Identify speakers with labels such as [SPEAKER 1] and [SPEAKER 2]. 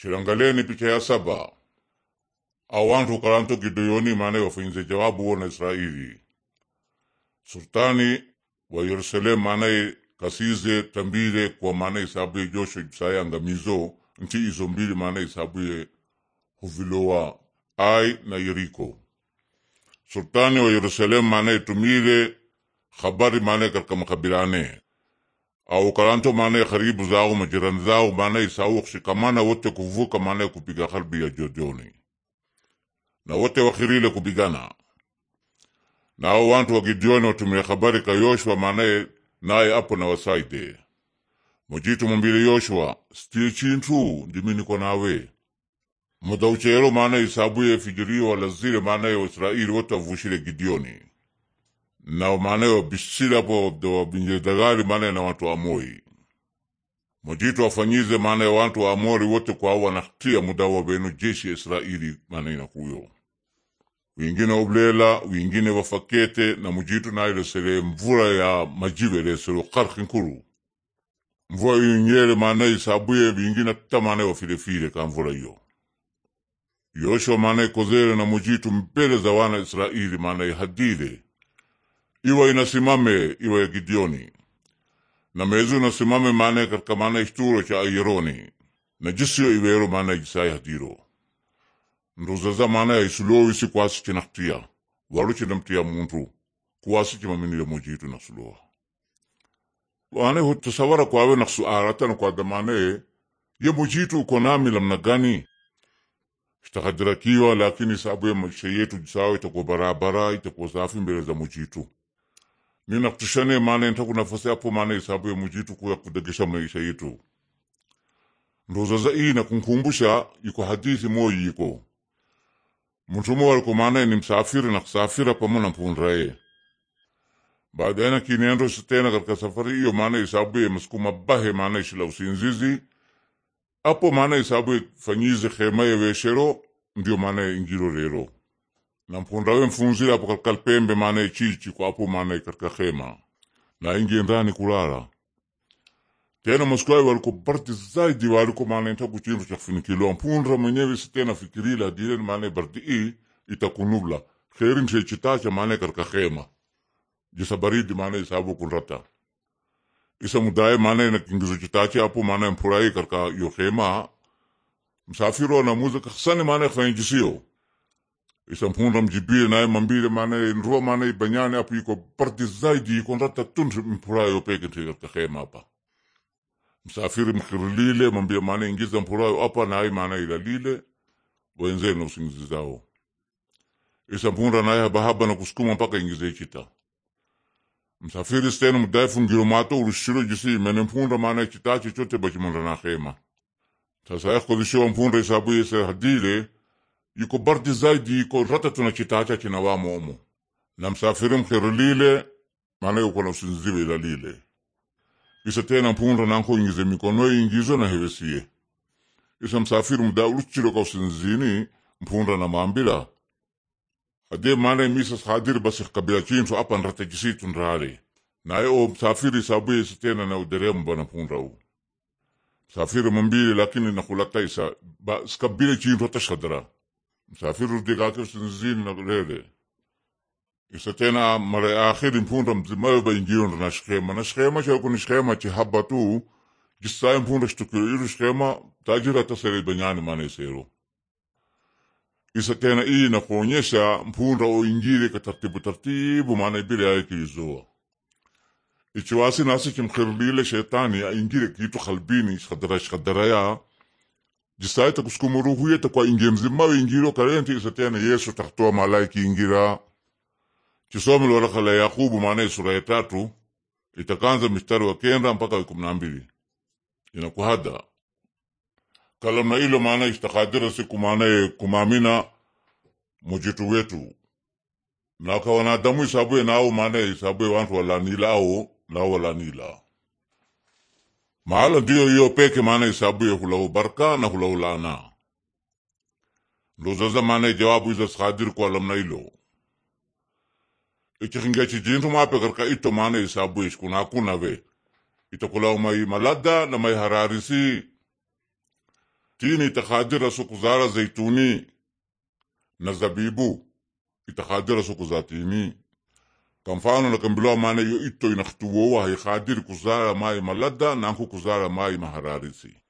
[SPEAKER 1] Chilangaleni picha ya saba awantu karanto gidoyoni maana wafunze jawabu wona Israili sultani wa Yerusalemu maanaye kasize tambile kwa maana isabuye josho jisaya angamizo nti izo mbili maana isabuye huvilowa ai na Yeriko sultani wa Yerusalemu maana tumile habari maana katika makabilane au karanto maana karibu zao majirani zao maana isau kushikamana wote kuvuka maana kupiga harbi ya jojoni na wote wakhirile kupigana na au wantu wa Gideoni watumia habari ka Yoshua maanaye naye apo na wasaide mujitu mumbile Yoshua stie chintu ndimi niko nawe mudauchero maana isabuye fijirio walazire maanaye Waisraeli wote wavushile Gideoni nao manayo bishila po dagari manaye na watu wa Moi afanyize wafanyize ya watu wa Amori wote kwa wanahatia muda wa benu jeshi ya Israeli manaye nakuyo wingine oblela wingine wafakete na mujitu nailesele mvura ya majiwe leselo karki nkuru mvua yinyele manaye isabuye wingine ata manaye wafilefile ka mvura hiyo yosho manaye kozere na mujitu mbele za wana Israeli manaye hadile iwa inasimame iwa ya Gideoni na mezu inasimame maana katika maana ishturo cha ayeroni na jisiyo iwero maana jisai hadiro nduzaza maana ya isulio isulowisi kwasi chinaktia walu chinamtia muntu kuwasi chimaminile na suluwa wane hutasawara kwawe suarata na kwa damane ye mujitu ukonami lamna gani itakadirakiwa lakini sababu ya maisha yetu jisawa itakuwa barabara itakuwa safi mbele za mujitu nina kutishane maana ntaku nafasi apo maana isabu ya mujitu kuya kudegesha maisha yetu ndozaza ii nakunkumbusha iko hadithi moyi iko muntu mo maana ni msafiri na kusafira pamo na mpundraye baadaye na kinendo sitena katika safari iyo maana isabu ya masukuma bahe maana ishila usinzizi apo maana isabu ya fanyize khema ya weshero ndio maana ya ingiro rero na mponda we mfunzile apo katika lpembe maana ichichi kwa apo maana katika khema na ingie ndani kulala tena maskwayi waliko bardi zaidi waliko maana ntaku chindu cha kufinikiliwa mpundra mwenyewe si tena fikirila direni maana bardi i itakunubla kheri nshechitacha maana katika khema jisa baridi maana isabu kunrata isa mudaye maana na kingizo chitacha apo maana mpurai katika yo khema msafiro na muzika kakhsani maana kufanyijisiyo isampunda mjibie naye mambile maanaye nrua maanaye banyane apo iko bardi zaidi iko ndata tundu mpurayo peke nti katika hema hapa msafiri mkirilile mambia maanaye ingiza mpurayo hapa naye maanaye ilalile wenzenu usingizi zao isampunda naye habahaba na kusukuma mpaka ingize chita msafiri stenu mdaifu ngiromato urushiro jisi imene mpunda maanaye chitachi chote bachimunda na hema sasa yakodishiwa mpunda isabu yese hadile yiko bardi zaidi yiko ratatu na chitacha chinawamo omo na msafiri mkero lile maana yuko na usinziwe ila lile isa tena mpunda nanko ingize mikono ingizo na hevesie isa msafiri mda uluchilo ka usinzini mpunda na mambila ade maana misa sadir basi kabila chinso apa nrata jisitu nrali naye o msafiri sabu isa tena na uderemu bana mpunda u msafiri mambili lakini nakulaka isa ba skabila chinso tashkadra שאפילו na שנזין isa tena mara akhiri mpunda mzimayo baingiunda na shkema na shkema chako ni shkema chihaba tu jisai mpunda shtukiro ilu shkema tajira tasere banyani mana isero isa tena ii na kuonyesha mpunda oingire ka tartibu tartibu mana ibile ya iki kiizoa ichiwasi nasi kimkhirbile shetani aingire kitu khalbini shkadara ya jisaita kusukumuru ruhu yeta kwa ingie mzima ingiro karenti isatena yesu takhtoa malaika ingira chisomela waraka la yakubu maana sura ya tatu itakanza mistari wa kenda mpaka wa kumi na mbili inakuhada kalamna ilo maana istakadira siku maana kumamina mujitu wetu nakawanadamu isabue nao maana isabue wantu walanila au nao walanila maala ndiyo iyo peke maana isabuye hulahu baraka na hulahu laana ndo zaza maana jawabu iza sadir ko alam ilo ichikingechi jintu mape karka ito maana isabu ishkuna hakunave itakulau mai malada na mai hararisi tini itakadira suku zara zaituni na zabibu itakadira suku za tini kamfano na mana yo itto inaktuwowa hai kadiri kuzala mai maladda nanku kuzala mai mahararisi